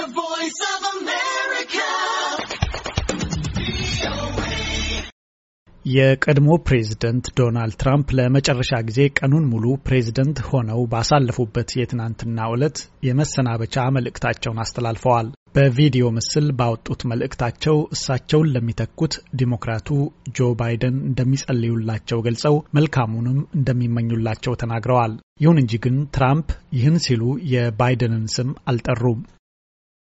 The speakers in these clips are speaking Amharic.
The Voice of America. የቀድሞ ፕሬዝደንት ዶናልድ ትራምፕ ለመጨረሻ ጊዜ ቀኑን ሙሉ ፕሬዝደንት ሆነው ባሳለፉበት የትናንትና ዕለት የመሰናበቻ መልእክታቸውን አስተላልፈዋል። በቪዲዮ ምስል ባወጡት መልእክታቸው እሳቸውን ለሚተኩት ዲሞክራቱ ጆ ባይደን እንደሚጸልዩላቸው ገልጸው መልካሙንም እንደሚመኙላቸው ተናግረዋል። ይሁን እንጂ ግን ትራምፕ ይህን ሲሉ የባይደንን ስም አልጠሩም።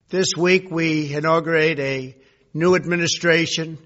This week we inaugurate a new administration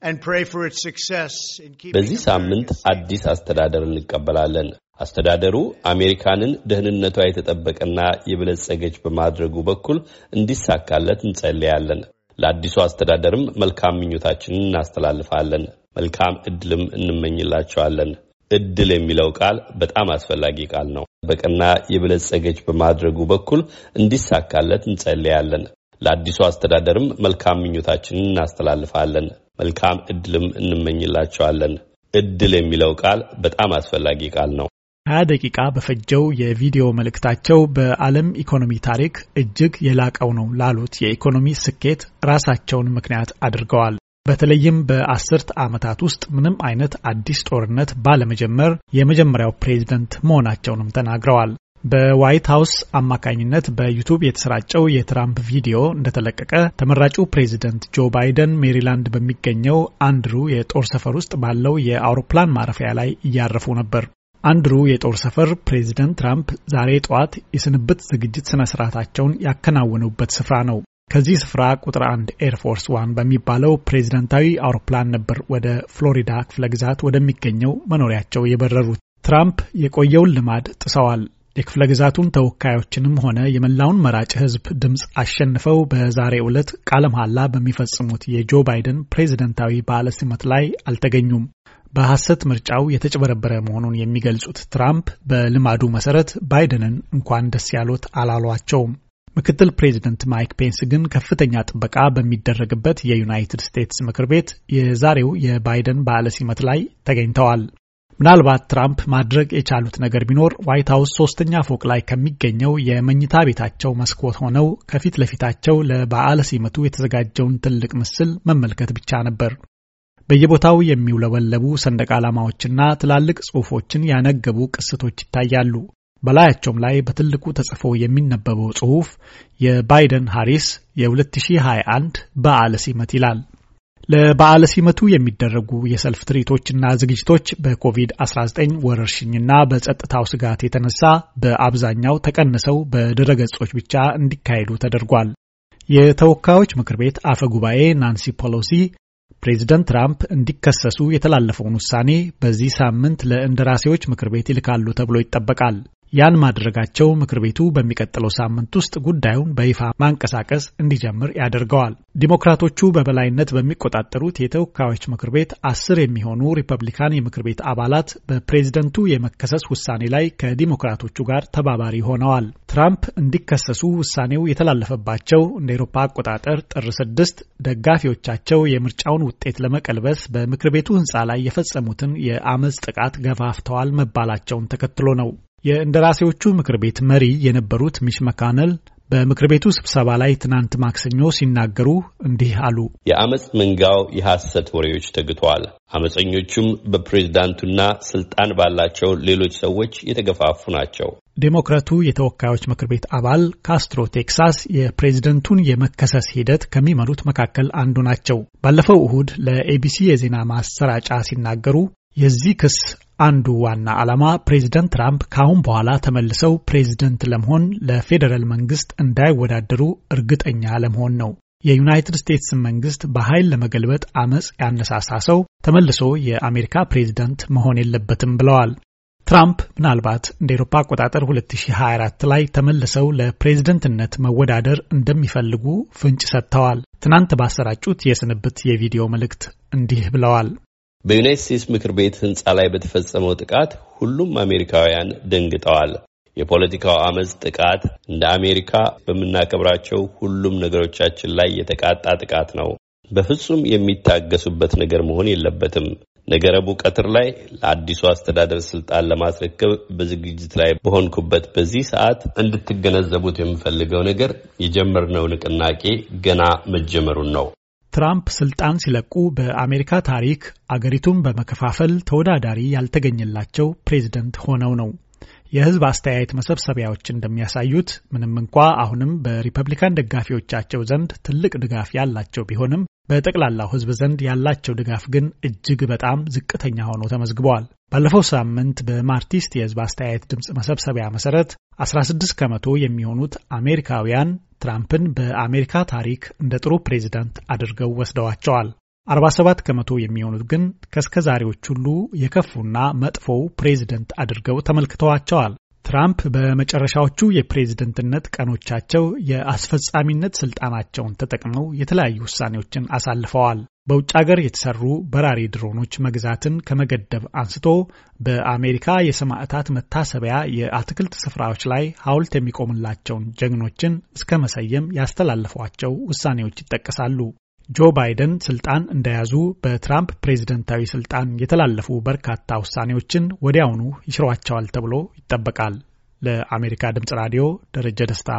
and pray for its success in keeping በዚህ ሳምንት አዲስ አስተዳደር እንቀበላለን። አስተዳደሩ አሜሪካንን ደህንነቷ የተጠበቀና የበለጸገች በማድረጉ በኩል እንዲሳካለት እንጸልያለን። ለአዲሱ አስተዳደርም መልካም ምኞታችንን እናስተላልፋለን። መልካም እድልም እንመኝላቸዋለን። እድል የሚለው ቃል በጣም አስፈላጊ ቃል ነው። በቀና የበለጸገች በማድረጉ በኩል እንዲሳካለት እንጸለያለን። ለአዲሱ አስተዳደርም መልካም ምኞታችንን እናስተላልፋለን። መልካም እድልም እንመኝላቸዋለን። እድል የሚለው ቃል በጣም አስፈላጊ ቃል ነው። ሀያ ደቂቃ በፈጀው የቪዲዮ መልእክታቸው በዓለም ኢኮኖሚ ታሪክ እጅግ የላቀው ነው ላሉት የኢኮኖሚ ስኬት ራሳቸውን ምክንያት አድርገዋል። በተለይም በአስርት ዓመታት ውስጥ ምንም አይነት አዲስ ጦርነት ባለመጀመር የመጀመሪያው ፕሬዝደንት መሆናቸውንም ተናግረዋል። በዋይት ሀውስ አማካኝነት በዩቱብ የተሰራጨው የትራምፕ ቪዲዮ እንደተለቀቀ ተመራጩ ፕሬዚደንት ጆ ባይደን ሜሪላንድ በሚገኘው አንድሩ የጦር ሰፈር ውስጥ ባለው የአውሮፕላን ማረፊያ ላይ እያረፉ ነበር። አንድሩ የጦር ሰፈር ፕሬዚደንት ትራምፕ ዛሬ ጠዋት የስንብት ዝግጅት ስነ ስርዓታቸውን ያከናወኑበት ስፍራ ነው። ከዚህ ስፍራ ቁጥር አንድ ኤርፎርስ ዋን በሚባለው ፕሬዚዳንታዊ አውሮፕላን ነበር ወደ ፍሎሪዳ ክፍለ ግዛት ወደሚገኘው መኖሪያቸው የበረሩት። ትራምፕ የቆየውን ልማድ ጥሰዋል። የክፍለ ግዛቱን ተወካዮችንም ሆነ የመላውን መራጭ ሕዝብ ድምፅ አሸንፈው በዛሬ ዕለት ቃለ መሐላ በሚፈጽሙት የጆ ባይደን ፕሬዝደንታዊ በዓለ ሲመት ላይ አልተገኙም። በሐሰት ምርጫው የተጭበረበረ መሆኑን የሚገልጹት ትራምፕ በልማዱ መሰረት ባይደንን እንኳን ደስ ያሎት አላሏቸውም። ምክትል ፕሬዚደንት ማይክ ፔንስ ግን ከፍተኛ ጥበቃ በሚደረግበት የዩናይትድ ስቴትስ ምክር ቤት የዛሬው የባይደን በዓለ ሲመት ላይ ተገኝተዋል። ምናልባት ትራምፕ ማድረግ የቻሉት ነገር ቢኖር ዋይት ሀውስ ሶስተኛ ፎቅ ላይ ከሚገኘው የመኝታ ቤታቸው መስኮት ሆነው ከፊት ለፊታቸው ለበዓለ ሲመቱ የተዘጋጀውን ትልቅ ምስል መመልከት ብቻ ነበር። በየቦታው የሚውለበለቡ ሰንደቅ ዓላማዎችና ትላልቅ ጽሑፎችን ያነገቡ ቅስቶች ይታያሉ። በላያቸውም ላይ በትልቁ ተጽፎ የሚነበበው ጽሑፍ የባይደን ሃሪስ የ2021 በዓለ ሲመት ይላል። ለበዓለ ሲመቱ የሚደረጉ የሰልፍ ትርኢቶችና ዝግጅቶች በኮቪድ-19 ወረርሽኝና በጸጥታው ስጋት የተነሳ በአብዛኛው ተቀንሰው በድረገጾች ብቻ እንዲካሄዱ ተደርጓል። የተወካዮች ምክር ቤት አፈ ጉባኤ ናንሲ ፖሎሲ ፕሬዚደንት ትራምፕ እንዲከሰሱ የተላለፈውን ውሳኔ በዚህ ሳምንት ለእንደራሴዎች ምክር ቤት ይልካሉ ተብሎ ይጠበቃል። ያን ማድረጋቸው ምክር ቤቱ በሚቀጥለው ሳምንት ውስጥ ጉዳዩን በይፋ ማንቀሳቀስ እንዲጀምር ያደርገዋል። ዲሞክራቶቹ በበላይነት በሚቆጣጠሩት የተወካዮች ምክር ቤት አስር የሚሆኑ ሪፐብሊካን የምክር ቤት አባላት በፕሬዝደንቱ የመከሰስ ውሳኔ ላይ ከዲሞክራቶቹ ጋር ተባባሪ ሆነዋል። ትራምፕ እንዲከሰሱ ውሳኔው የተላለፈባቸው እንደ ኤሮፓ አቆጣጠር ጥር ስድስት ደጋፊዎቻቸው የምርጫውን ውጤት ለመቀልበስ በምክር ቤቱ ህንፃ ላይ የፈጸሙትን የአመፅ ጥቃት ገፋፍተዋል መባላቸውን ተከትሎ ነው። የእንደራሴዎቹ ምክር ቤት መሪ የነበሩት ሚሽ መካነል በምክር ቤቱ ስብሰባ ላይ ትናንት ማክሰኞ ሲናገሩ እንዲህ አሉ። የአመፅ መንጋው የሐሰት ወሬዎች ተግቷል። አመፀኞቹም በፕሬዝዳንቱና ስልጣን ባላቸው ሌሎች ሰዎች የተገፋፉ ናቸው። ዴሞክራቱ የተወካዮች ምክር ቤት አባል ካስትሮ ቴክሳስ የፕሬዝደንቱን የመከሰስ ሂደት ከሚመሩት መካከል አንዱ ናቸው። ባለፈው እሁድ ለኤቢሲ የዜና ማሰራጫ ሲናገሩ የዚህ ክስ አንዱ ዋና ዓላማ ፕሬዚደንት ትራምፕ ከአሁን በኋላ ተመልሰው ፕሬዚደንት ለመሆን ለፌዴራል መንግስት እንዳይወዳደሩ እርግጠኛ ለመሆን ነው። የዩናይትድ ስቴትስን መንግስት በኃይል ለመገልበጥ አመፅ ያነሳሳ ሰው ተመልሶ የአሜሪካ ፕሬዚደንት መሆን የለበትም ብለዋል። ትራምፕ ምናልባት እንደ ኤሮፓ አቆጣጠር 2024 ላይ ተመልሰው ለፕሬዝደንትነት መወዳደር እንደሚፈልጉ ፍንጭ ሰጥተዋል። ትናንት ባሰራጩት የስንብት የቪዲዮ መልእክት እንዲህ ብለዋል። በዩናይት ስቴትስ ምክር ቤት ህንፃ ላይ በተፈጸመው ጥቃት ሁሉም አሜሪካውያን ደንግጠዋል። የፖለቲካው አመፅ ጥቃት እንደ አሜሪካ በምናከብራቸው ሁሉም ነገሮቻችን ላይ የተቃጣ ጥቃት ነው። በፍጹም የሚታገሱበት ነገር መሆን የለበትም። ነገ ረቡዕ ቀትር ላይ ለአዲሱ አስተዳደር ስልጣን ለማስረከብ በዝግጅት ላይ በሆንኩበት በዚህ ሰዓት እንድትገነዘቡት የምፈልገው ነገር የጀመርነው ንቅናቄ ገና መጀመሩን ነው። ትራምፕ ስልጣን ሲለቁ በአሜሪካ ታሪክ አገሪቱን በመከፋፈል ተወዳዳሪ ያልተገኘላቸው ፕሬዝደንት ሆነው ነው። የህዝብ አስተያየት መሰብሰቢያዎች እንደሚያሳዩት ምንም እንኳ አሁንም በሪፐብሊካን ደጋፊዎቻቸው ዘንድ ትልቅ ድጋፍ ያላቸው ቢሆንም በጠቅላላው ህዝብ ዘንድ ያላቸው ድጋፍ ግን እጅግ በጣም ዝቅተኛ ሆኖ ተመዝግበዋል። ባለፈው ሳምንት በማርቲስት የህዝብ አስተያየት ድምፅ መሰብሰቢያ መሰረት 16 ከመቶ የሚሆኑት አሜሪካውያን ትራምፕን በአሜሪካ ታሪክ እንደ ጥሩ ፕሬዚዳንት አድርገው ወስደዋቸዋል። 47 ከመቶ የሚሆኑት ግን ከእስከ ዛሬዎች ሁሉ የከፉና መጥፎው ፕሬዚደንት አድርገው ተመልክተዋቸዋል። ትራምፕ በመጨረሻዎቹ የፕሬዝደንትነት ቀኖቻቸው የአስፈጻሚነት ስልጣናቸውን ተጠቅመው የተለያዩ ውሳኔዎችን አሳልፈዋል። በውጭ ሀገር የተሰሩ በራሪ ድሮኖች መግዛትን ከመገደብ አንስቶ በአሜሪካ የሰማዕታት መታሰቢያ የአትክልት ስፍራዎች ላይ ሐውልት የሚቆምላቸውን ጀግኖችን እስከ መሰየም ያስተላለፏቸው ውሳኔዎች ይጠቀሳሉ። ጆ ባይደን ስልጣን እንደያዙ በትራምፕ ፕሬዝደንታዊ ስልጣን የተላለፉ በርካታ ውሳኔዎችን ወዲያውኑ ይሽሯቸዋል ተብሎ ይጠበቃል። ለአሜሪካ ድምጽ ራዲዮ ደረጀ ደስታ